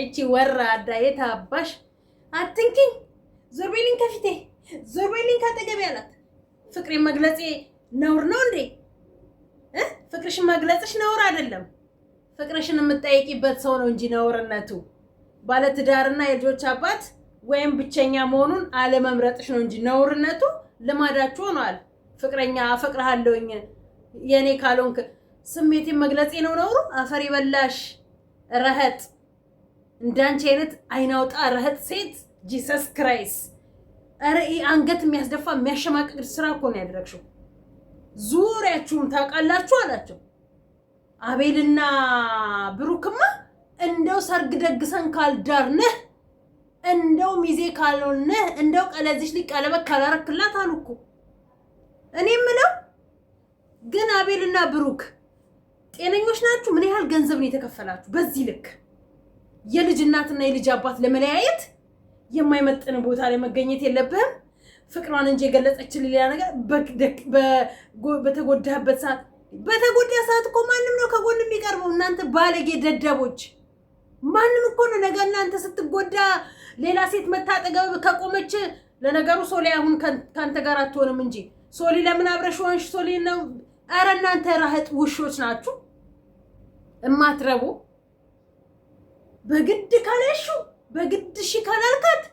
እቺ ወራዳ የታባሽ አትንኪኝ፣ ዞር በይልኝ፣ ከፊቴ ዞር በይልኝ፣ ካጠገቤ አላት። ፍቅሬን መግለጼ ነውር ነው እንዴ? ፍቅርሽን መግለጽሽ ነውር አይደለም። ፍቅርሽን የምትጠይቂበት ሰው ነው እንጂ ነውርነቱ ባለትዳርና የልጆች አባት ወይም ብቸኛ መሆኑን አለመምረጥሽ ነው እንጂ ነውርነቱ ልማዳችሁ ሆኗል። ፍቅረኛ አፈቅርሃለሁኝ የኔ ካልሆንክ ስሜቴን መግለጼ ነው ነውሩ። አፈር ይበላሽ ረህጥ እንዳንቺ አይነት አይናውጣ ረህት ሴት ጂሰስ ክራይስ ረ አንገት የሚያስደፋ የሚያሸማቅቅ ስራ እኮ ነው ያደረግሽው። ዙሪያችሁን ታውቃላችሁ አላቸው። አቤልና ብሩክማ እንደው ሰርግ ደግሰን ካልዳርነህ፣ እንደው ሚዜ ካልሆነህ፣ እንደው ቀለዚሽ ልጅ ቀለበት ካላረክላት አሉ እኮ። እኔ ምለው ግን አቤልና ብሩክ ጤነኞች ናችሁ? ምን ያህል ገንዘብ ነው የተከፈላችሁ በዚህ ልክ? የልጅ እናትና የልጅ አባት ለመለያየት የማይመጥን ቦታ ላይ መገኘት የለብህም። ፍቅሯን እንጂ የገለጸችን ሌላ ነገር በተጎዳህበት ሰዓት በተጎዳ ሰዓት እኮ ማንም ነው ከጎን የሚቀርበው። እናንተ ባለጌ ደደቦች፣ ማንም እኮ ነው ነገ እናንተ ስትጎዳ ሌላ ሴት መታጠገብ ከቆመች ለነገሩ ሶሊ አሁን ከአንተ ጋር አትሆንም እንጂ ሶሊ ለምን አብረሽ ሆንሽ? ሶሊ ነው። ኧረ እናንተ ራህጥ ውሾች ናችሁ እማትረቡ በግድ ካለሹ በግድ ሺ ካላልካት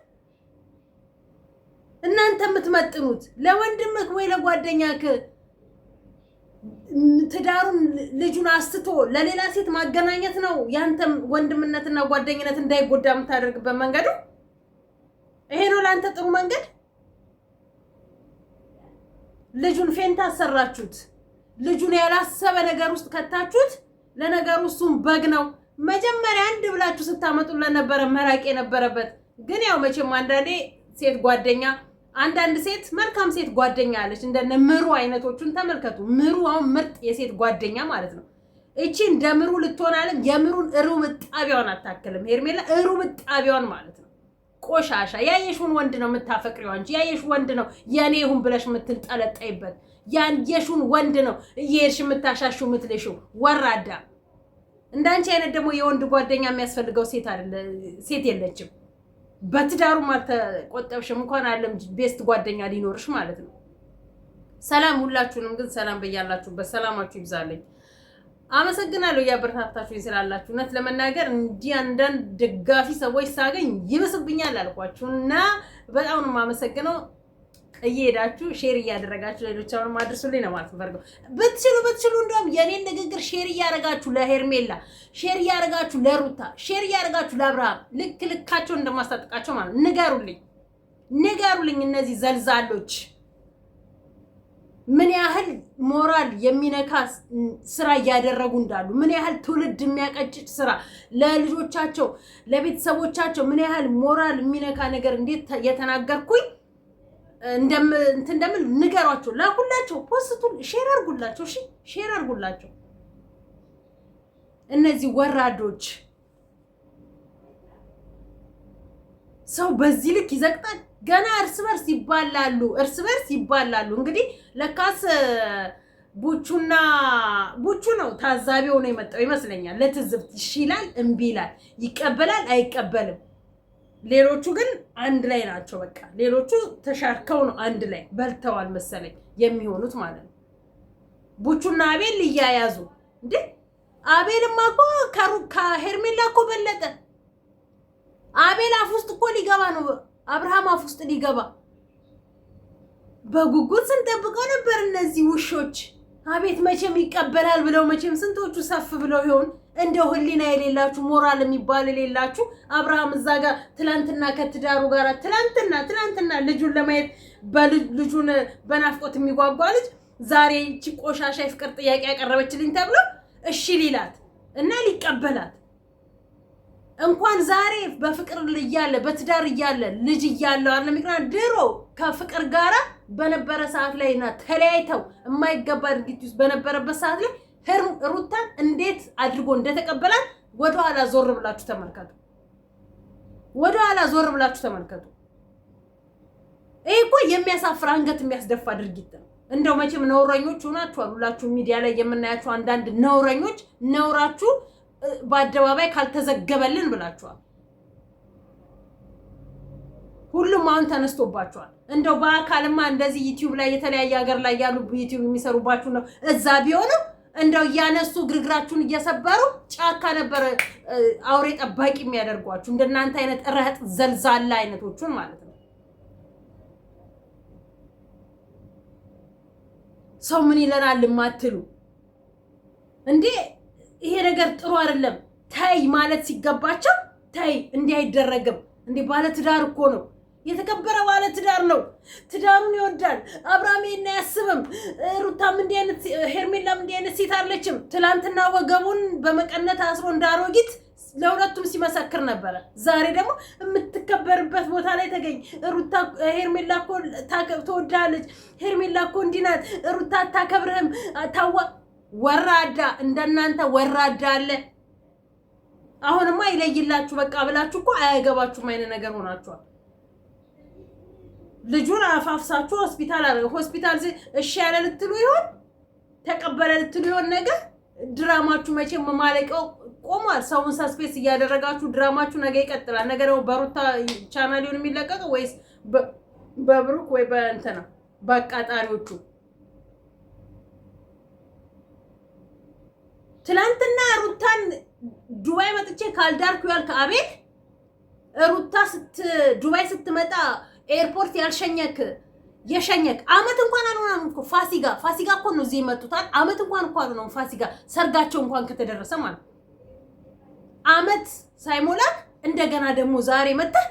እናንተ የምትመጥኑት ለወንድምህ ወይ ለጓደኛክ ትዳሩን ልጁን አስትቶ ለሌላ ሴት ማገናኘት ነው ያንተ ወንድምነትና ጓደኝነት እንዳይጎዳ የምታደርግበት መንገዱ ይሄ ነው። ለአንተ ጥሩ መንገድ ልጁን ፌንት አሰራችሁት። ልጁን ያላሰበ ነገር ውስጥ ከታችሁት። ለነገሩ እሱም በግ ነው። መጀመሪያ አንድ ብላችሁ ስታመጡለት ነበረ መራቅ የነበረበት። ግን ያው መቼም አንዳንዴ ሴት ጓደኛ አንዳንድ ሴት መልካም ሴት ጓደኛ አለች። እንደነ ምሩ አይነቶቹን ተመልከቱ። ምሩ አሁን ምርጥ የሴት ጓደኛ ማለት ነው። እቺ እንደ ምሩ ልትሆናለን የምሩን እሩብ ጣቢያውን አታክልም። ሄርሜላ እሩብ ጣቢያውን ማለት ነው። ቆሻሻ ያየሽውን ወንድ ነው የምታፈቅሪው አንቺ። ያየሽ ወንድ ነው የኔ ይሁን ብለሽ የምትንጠለጠይበት። ያየሽውን ወንድ ነው እየሄድሽ የምታሻሹ ምትልሽው ወራዳ እንዳንቺ አይነት ደግሞ የወንድ ጓደኛ የሚያስፈልገው ሴት አይደለ ሴት የለችም። በትዳሩም አልተቆጠብሽም እንኳን አለም ቤስት ጓደኛ ሊኖርሽ ማለት ነው። ሰላም ሁላችሁንም ግን ሰላም በያላችሁበት ሰላማችሁ ይብዛለኝ። አመሰግናለሁ እያበረታታችሁኝ ስላላችሁ። እውነት ለመናገር እንዲህ አንዳንድ ደጋፊ ሰዎች ሳገኝ ይብስብኛል አልኳችሁ እና በጣም ነው የማመሰግነው። እየሄዳችሁ ሼር እያደረጋችሁ ሌሎች አሁን ማድረሱልኝ ነው ማለት ፈልገው ብትችሉ ብትችሉ እንደውም የኔን ንግግር ሼር እያደረጋችሁ ለሄርሜላ ሼር እያደረጋችሁ ለሩታ ሼር እያደረጋችሁ ለአብርሃም ልክ ልካቸውን እንደማስታጥቃቸው ማለት ንገሩልኝ፣ ንገሩልኝ እነዚህ ዘልዛሎች ምን ያህል ሞራል የሚነካ ስራ እያደረጉ እንዳሉ፣ ምን ያህል ትውልድ የሚያቀጭጭ ስራ ለልጆቻቸው ለቤተሰቦቻቸው ምን ያህል ሞራል የሚነካ ነገር እንዴት የተናገርኩኝ እንደምል ንገሯቸው፣ ላኩላቸው፣ ፖስቱን ሼር አርጉላቸው። እሺ ሼር አርጉላቸው። እነዚህ ወራዶች ሰው በዚህ ልክ ይዘቅጣል። ገና እርስ በርስ ይባላሉ፣ እርስ በርስ ይባላሉ። እንግዲህ ለካስ ቡቹና ቡቹ ነው ታዛቢ ሆኖ የመጣው ይመስለኛል። ለትዝብት እሺ ይላል እምቢ ይላል፣ ይቀበላል አይቀበልም ሌሎቹ ግን አንድ ላይ ናቸው። በቃ ሌሎቹ ተሻርከው ነው አንድ ላይ በልተዋል መሰለኝ የሚሆኑት ማለት ነው። ቡቹና አቤል እያያዙ እንዴ! አቤልማ እኮ ከሄርሜላ እኮ በለጠ። አቤል አፍ ውስጥ እኮ ሊገባ ነው፣ አብርሃም አፍ ውስጥ ሊገባ በጉጉት ስንጠብቀው ነበር። እነዚህ ውሾች አቤት መቼም ይቀበላል ብለው መቼም ስንቶቹ ሰፍ ብለው ይሆን እንደው ህሊና የሌላችሁ ሞራል የሚባል የሌላችሁ አብርሃም እዛ ጋር ትላንትና ከትዳሩ ጋር ትላንትና ትላንትና ልጁን ለማየት በልጁን በናፍቆት የሚጓጓ ልጅ ዛሬ ይቺ ቆሻሻ የፍቅር ጥያቄ ያቀረበችልኝ ተብሎ እሺ ሊላት እና ሊቀበላት እንኳን ዛሬ በፍቅር እያለ በትዳር እያለ ልጅ እያለው አለ ድሮ ከፍቅር ጋራ በነበረ ሰዓት ላይ እና ተለያይተው የማይገባ ድርጊት ውስጥ በነበረበት ሰዓት ላይ ሩታን እንዴት አድርጎ እንደተቀበላት ወደኋላ ዞር ብላችሁ ተመልከቱ። ወደኋላ ዞር ብላችሁ ተመልከቱ። ይህ እኮ የሚያሳፍር አንገት የሚያስደፋ ድርጊት ነው። እንደው መቼም ነውረኞች ሆናችኋል ሁላችሁ። ሚዲያ ላይ የምናያቸው አንዳንድ ነውረኞች ነውራችሁ በአደባባይ ካልተዘገበልን ብላችኋል። ሁሉም አሁን ተነስቶባችኋል። እንደው በአካልማ እንደዚህ ዩቲዩብ ላይ የተለያየ ሀገር ላይ ያሉ ዩቲዩብ የሚሰሩባችሁ ነው እዛ ቢሆንም እንደው እያነሱ ግርግራችሁን እየሰበሩ ጫካ ነበር አውሬ ጠባቂ የሚያደርጓችሁ እንደናንተ አይነት ረህጥ ዘልዛላ አይነቶቹን ማለት ነው። ሰው ምን ይለናል ማትሉ እንዴ? ይሄ ነገር ጥሩ አይደለም። ተይ ማለት ሲገባቸው ተይ፣ እንዲህ አይደረግም እንዴ! ባለትዳር እኮ ነው የተከበረ ባለ ትዳር ነው። ትዳሩን ይወዳል። አብርሃም ይሄን አያስብም። ሩታም እንዲህ አይነት ሄርሜላም እንዲህ አይነት ሴት አለችም። ትናንትና ወገቡን በመቀነት አስሮ እንዳሮጊት ለሁለቱም ሲመሰክር ነበረ። ዛሬ ደግሞ የምትከበርበት ቦታ ላይ ተገኝ። ሩታ ሄርሜላ እኮ ተወዳለች፣ ሄርሜላ እኮ እንዲህ ናት፣ ሩታ አታከብርህም። ታዋ ወራዳ፣ እንደናንተ ወራዳ አለ። አሁንማ ይለይላችሁ በቃ ብላችሁ እኮ አያገባችሁም አይነት ነገር ሆናችኋል። ልጁን አፋፍሳችሁ ሆስፒታል አድርገው ሆስፒታል እሺ ያለ ልትሉ ይሆን ተቀበለ ልትሉ ይሆን ነገር ድራማችሁ መቼም ማለቂያው ቆሟል። ሰውን ሰስፔንስ እያደረጋችሁ ድራማችሁ ነገ ይቀጥላል። ነገ ደግሞ በሩታ ቻናል ሊሆን የሚለቀቀው ወይስ በብሩክ ወይ በእንትና በአቃጣሪዎቹ? ትናንትና ሩታን ዱባይ መጥቼ ካልዳርኩ ያልክ አቤል ሩታ ዱባይ ስትመጣ ኤርፖርት ያልሸኘክ የሸኘክ አመት እንኳን አልሆነም እኮ ፋሲጋ ፋሲጋ እኮ ነው እዚህ የመጡታል። አመት እንኳን እኮ አልሆነም ፋሲጋ ሰርጋቸው እንኳን ከተደረሰ ማለት አመት ሳይሞላክ እንደገና ደግሞ ዛሬ መጥተህ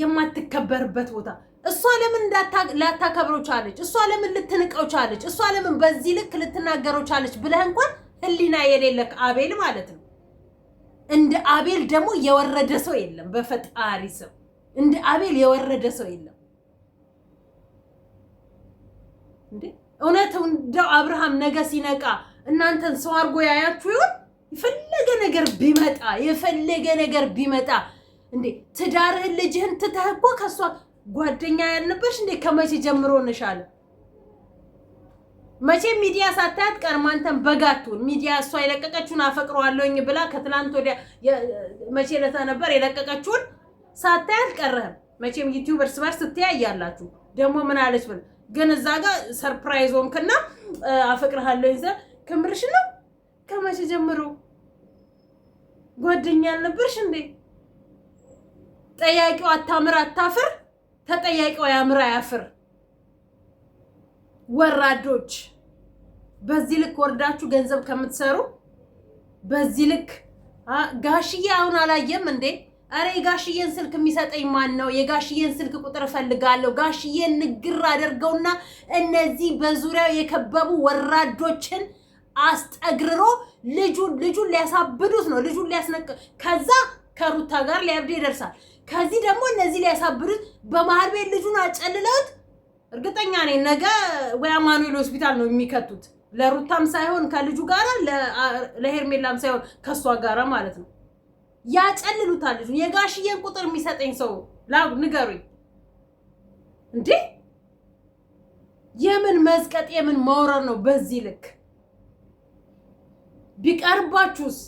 የማትከበርበት ቦታ እሷ ለምን ላታከብረው ቻለች? እሷ ለምን ልትንቀው ቻለች? እሷ ለምን በዚህ ልክ ልትናገረው ቻለች ብለህ እንኳን ህሊና የሌለክ አቤል ማለት ነው። እንደ አቤል ደግሞ የወረደ ሰው የለም በፈጣሪ ሰው እንደ አቤል የወረደ ሰው የለም። እንዴ እውነት እንደው አብርሃም ነገ ሲነቃ እናንተን ሰው አድርጎ ያያችሁ ይሆን? የፈለገ ነገር ቢመጣ የፈለገ ነገር ቢመጣ እንዴ ትዳርህን ልጅህን ትተህ እኮ ከእሷ ጓደኛ ያልነበርሽ እንዴ? ከመቼ ጀምሮ እንሻለ መቼ ሚዲያ ሳታያት ቀርማ አንተን በጋቱን ሚዲያ እሷ የለቀቀችውን አፈቅረዋለሁኝ ብላ ከትላንት ወዲያ መቼ ለታ ነበር የለቀቀችውን ሳታይ አልቀረህም መቼም። ዩቲዩብ እርስ በርስ ትተያያላችሁ። ደግሞ ምን አለች ብል ግን እዛ ጋር ሰርፕራይዝ ሆንክና አፈቅርሃለሁ ይዘ ከምርሽ ነው። ከመቼ ጀምሮ ጓደኛ አልነበርሽ እንዴ? ጠያቂው አታምር አታፍር፣ ተጠያቂው ያምር አያፍር። ወራዶች በዚህ ልክ ወርዳችሁ ገንዘብ ከምትሰሩ በዚህ ልክ ጋሽዬ አሁን አላየም እንዴ? አረ የጋሽዬን ስልክ የሚሰጠኝ ማን ነው? የጋሽዬን ስልክ ቁጥር እፈልጋለሁ። ጋሽዬን ንግር አድርገውና እነዚህ በዙሪያው የከበቡ ወራዶችን አስጠግርሮ ልጁን ልጁን ሊያሳብዱት ነው። ልጁን ሊያስነቅ ከዛ ከሩታ ጋር ሊያብድ ይደርሳል። ከዚህ ደግሞ እነዚህ ሊያሳብዱት በመሀል ቤት ልጁን አጨልለውት፣ እርግጠኛ ነኝ ነገ ወይ አማኑኤል ሆስፒታል ነው የሚከቱት። ለሩታም ሳይሆን ከልጁ ጋር ለሄርሜላም ሳይሆን ከእሷ ጋር ማለት ነው። ያጨልሉታል። ልጁ የጋሽዬን ቁጥር የሚሰጠኝ ሰው ላው ንገሩኝ እንዴ! የምን መዝቀጥ የምን ማውረር ነው በዚህ ልክ? ቢቀርባችሁስ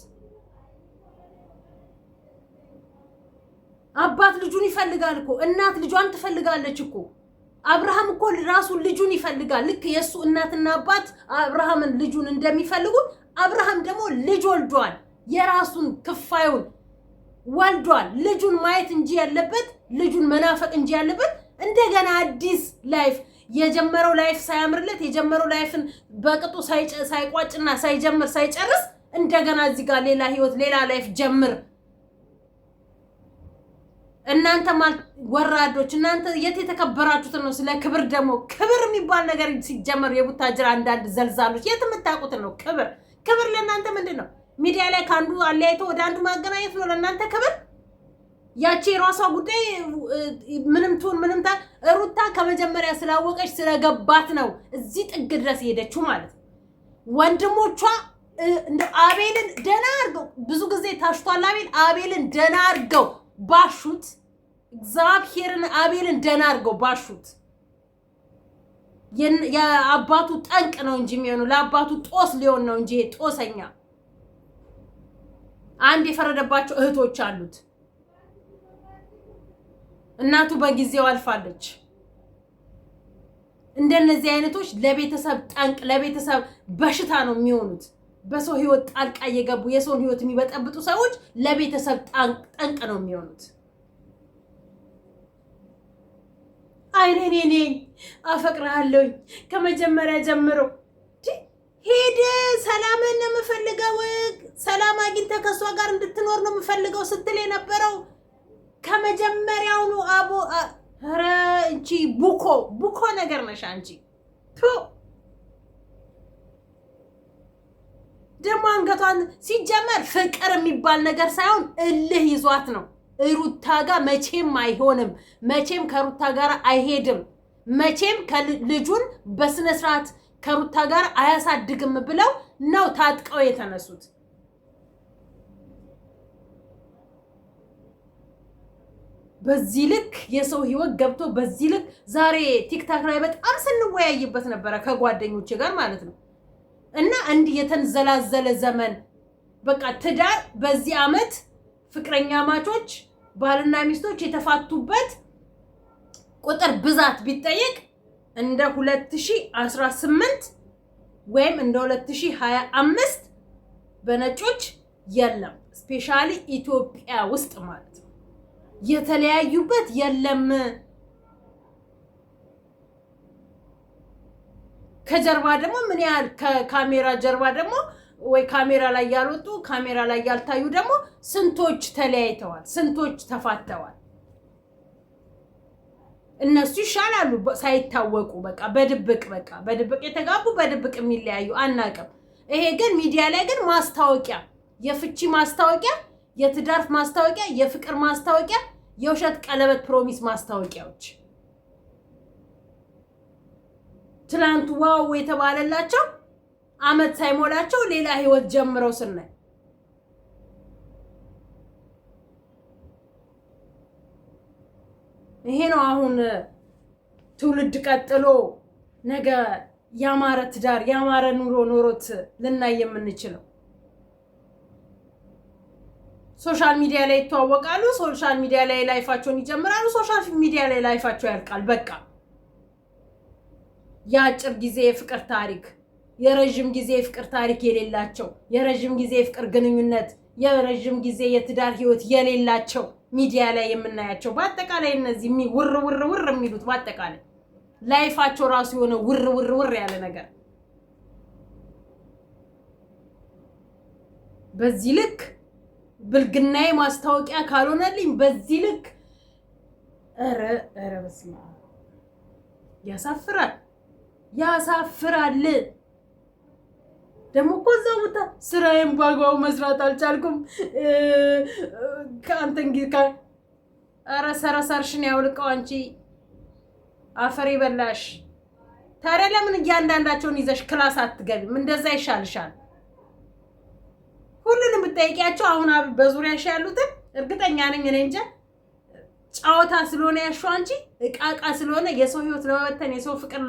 አባት ልጁን ይፈልጋል እኮ እናት ልጇን ትፈልጋለች እኮ አብርሃም እኮ ራሱ ልጁን ይፈልጋል ልክ የእሱ እናትና አባት አብርሃምን ልጁን እንደሚፈልጉት አብርሃም ደግሞ ልጅ ወልዷል የራሱን ክፋዩን ወልዷል። ልጁን ማየት እንጂ ያለበት ልጁን መናፈቅ እንጂ ያለበት እንደገና አዲስ ላይፍ የጀመረው ላይፍ ሳያምርለት የጀመረው ላይፍን በቅጡ ሳይቋጭና ሳይጀምር ሳይጨርስ እንደገና እዚህ ጋር ሌላ ህይወት ሌላ ላይፍ ጀምር። እናንተ ወራዶች፣ እናንተ የት የተከበራችሁትን ነው? ስለ ክብር ደግሞ ክብር የሚባል ነገር ሲጀመር የቡታጅራ አንዳንድ ዘልዛሎች የት የምታውቁትን ነው? ክብር ክብር ለእናንተ ምንድን ነው? ሚዲያ ላይ ከአንዱ አለያይቶ ወደ አንዱ ማገናኘት ነው ለእናንተ ክብር? ያቺ የራሷ ጉዳይ ምንም ትሁን ምንም ታ ሩታ ከመጀመሪያ ስላወቀች ስለገባት ነው እዚህ ጥግ ድረስ ሄደችው ማለት ነው። ወንድሞቿ እንደ አቤልን ደና አርገው ብዙ ጊዜ ታሽቷል። አቤል አቤልን ደና አርገው ባሹት፣ እግዚአብሔርን አቤልን ደና አርገው ባሹት። የአባቱ ጠንቅ ነው እንጂ የሚሆኑ ለአባቱ ጦስ ሊሆን ነው እንጂ ጦሰኛ አንድ የፈረደባቸው እህቶች አሉት። እናቱ በጊዜው አልፋለች። እንደነዚህ አይነቶች ለቤተሰብ ጠንቅ፣ ለቤተሰብ በሽታ ነው የሚሆኑት። በሰው ህይወት ጣልቃ እየገቡ የሰውን ህይወት የሚበጠብጡ ሰዎች ለቤተሰብ ጠንቅ ነው የሚሆኑት። አይኔ ኔኔ አፈቅርሃለሁኝ ከመጀመሪያ ጀምሮ ሄደ ሰላም የምፈልገው ስትል የነበረው ከመጀመሪያውኑ አቦ ኧረ እንቺ ቡኮ ቡኮ ነገር ነሽ አንቺ። ደግሞ አንገቷን ሲጀመር ፍቅር የሚባል ነገር ሳይሆን እልህ ይዟት ነው። ሩታ ጋር መቼም አይሆንም፣ መቼም ከሩታ ጋር አይሄድም፣ መቼም ልጁን በስነስርዓት ከሩታ ጋር አያሳድግም ብለው ነው ታጥቀው የተነሱት። በዚህ ልክ የሰው ህይወት ገብቶ በዚህ ልክ ዛሬ ቲክታክ ላይ በጣም ስንወያይበት ነበረ ከጓደኞች ጋር ማለት ነው። እና እንዲህ የተንዘላዘለ ዘመን በቃ ትዳር በዚህ አመት ፍቅረኛ ማቾች ባልና ሚስቶች የተፋቱበት ቁጥር ብዛት ቢጠየቅ እንደ 2018 ወይም እንደ 2025 በነጮች የለም፣ ስፔሻሊ ኢትዮጵያ ውስጥ ማለት ነው። የተለያዩበት የለም። ከጀርባ ደግሞ ምን ያህል ከካሜራ ጀርባ ደግሞ ወይ ካሜራ ላይ ያልወጡ ካሜራ ላይ ያልታዩ ደግሞ ስንቶች ተለያይተዋል፣ ስንቶች ተፋተዋል። እነሱ ይሻላሉ ሳይታወቁ በቃ በድብቅ በቃ በድብቅ የተጋቡ በድብቅ የሚለያዩ አናቅም። ይሄ ግን ሚዲያ ላይ ግን ማስታወቂያ የፍቺ ማስታወቂያ የትዳር ማስታወቂያ፣ የፍቅር ማስታወቂያ፣ የውሸት ቀለበት ፕሮሚስ ማስታወቂያዎች ትላንት ዋው የተባለላቸው አመት ሳይሞላቸው ሌላ ህይወት ጀምረው ስናይ ይሄ ነው አሁን ትውልድ ቀጥሎ ነገ ያማረ ትዳር ያማረ ኑሮ ኖሮት ልናይ የምንችለው። ሶሻል ሚዲያ ላይ ይተዋወቃሉ። ሶሻል ሚዲያ ላይ ላይፋቸውን ይጀምራሉ። ሶሻል ሚዲያ ላይ ላይፋቸው ያልቃል። በቃ የአጭር ጊዜ የፍቅር ታሪክ፣ የረዥም ጊዜ የፍቅር ታሪክ የሌላቸው፣ የረዥም ጊዜ የፍቅር ግንኙነት፣ የረዥም ጊዜ የትዳር ህይወት የሌላቸው ሚዲያ ላይ የምናያቸው በአጠቃላይ እነዚህ ውር ውር ውር የሚሉት በአጠቃላይ ላይፋቸው ራሱ የሆነ ውር ውር ውር ያለ ነገር በዚህ ልክ ብልግናዬ ማስታወቂያ ካልሆነልኝ በዚህ ልክ ኧረ ኧረ በስመ አብ ያሳፍራል፣ ያሳፍራል። ደግሞ እኮ እዛ ቦታ ስራዬን በአግባቡ መስራት አልቻልኩም ከአንተ እንግዲህ ኧረ ሰረሰርሽን ያውልቀው አንቺ አፈር ይበላሽ። ታዲያ ለምን እያንዳንዳቸውን ይዘሽ ክላስ አትገቢም? እንደዛ ይሻልሻል። ሁሉንም ብጠይቂያቸው አሁን በዙሪያሽ ያሉትን እርግጠኛ ነኝ እኔ እንጃ ጨዋታ ስለሆነ ያሸዋ እንጂ እቃቃ ስለሆነ የሰው ህይወት ለመበተን የሰው ፍቅር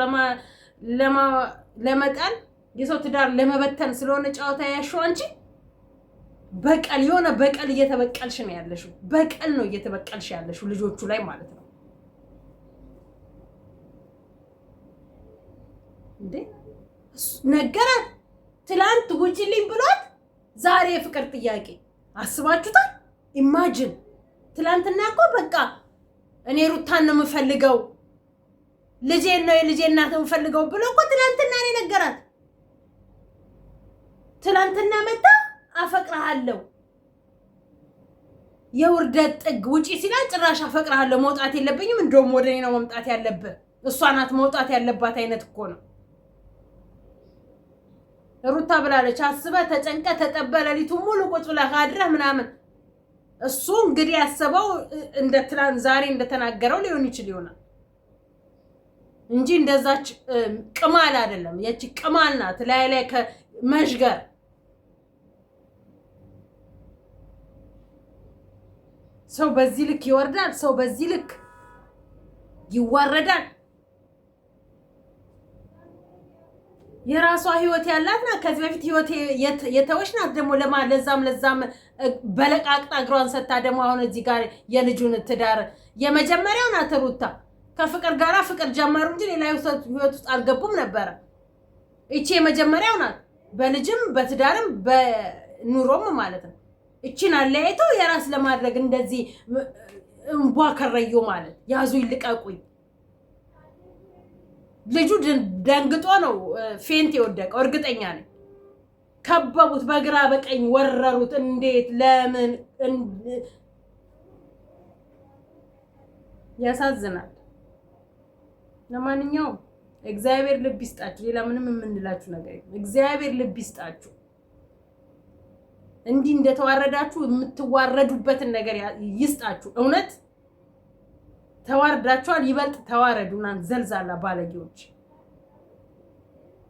ለመጣል የሰው ትዳር ለመበተን ስለሆነ ጨዋታ ያሸዋ እንጂ በቀል የሆነ በቀል እየተበቀልሽ ነው ያለሽው። በቀል ነው እየተበቀልሽ ያለሽው ልጆቹ ላይ ማለት ነው እንዴ። ነገራት ትላንት ውጪልኝ ብሏት ዛሬ የፍቅር ጥያቄ አስባችሁታል? ኢማጅን ትላንትና እኮ በቃ እኔ ሩታን ነው የምፈልገው ልጄን ነው የልጄ እናት የምፈልገው ብሎ እኮ ትላንትና እኔ ነገራት። ትላንትና መጣ አፈቅርሃለሁ የውርደት ጥግ ውጪ ሲላል ጭራሽ አፈቅርሃለሁ መውጣት የለብኝም እንደውም ወደ እኔ ነው መምጣት ያለብህ እሷ ናት መውጣት ያለባት አይነት እኮ ነው። ሩታ ብላለች። አስበ ተጨንቀ ተጠበ ለሊቱ ሙሉ ቁጭ ብላ ምናምን እሱ እንግዲህ ያሰበው እንደ ትናንት ዛሬ እንደተናገረው ሊሆን ይችል ይሆናል እንጂ እንደዛች ቅማል አይደለም። ያቺ ቅማል ናት ላይ ላይ ከመዥገር ሰው በዚህ ልክ ይወርዳል። ሰው በዚህ ልክ ይዋረዳል። የራሷ ህይወት ያላት ናት። ከዚህ በፊት ህይወት የተወች ናት። ደግሞ ለዛም ለዛም በለቃቅጣ እግሯን ሰታ ደግሞ አሁን እዚህ ጋር የልጁን ትዳር የመጀመሪያው ናት ሩታ። ከፍቅር ጋራ ፍቅር ጀመሩ እንጂ ሌላ ህይወት ውስጥ አልገቡም ነበረ። እቺ የመጀመሪያው ናት፣ በልጅም በትዳርም በኑሮም ማለት ነው። እቺን አለያይተው የራስ ለማድረግ እንደዚህ እንቧ ከረዩ ማለት ያዙ ይልቀቁኝ ልጁ ደንግጦ ነው ፌንት የወደቀው። እርግጠኛ ነኝ። ከበቡት፣ በግራ በቀኝ ወረሩት። እንዴት ለምን? ያሳዝናል። ለማንኛውም እግዚአብሔር ልብ ይስጣችሁ። ሌላ ምንም የምንላችሁ ነገር እግዚአብሔር ልብ ይስጣችሁ። እንዲህ እንደተዋረዳችሁ የምትዋረዱበትን ነገር ይስጣችሁ እውነት ተዋርዳችኋል። ይበልጥ ተዋረዱ እናንተ ዘልዛላ ባለጌዎች።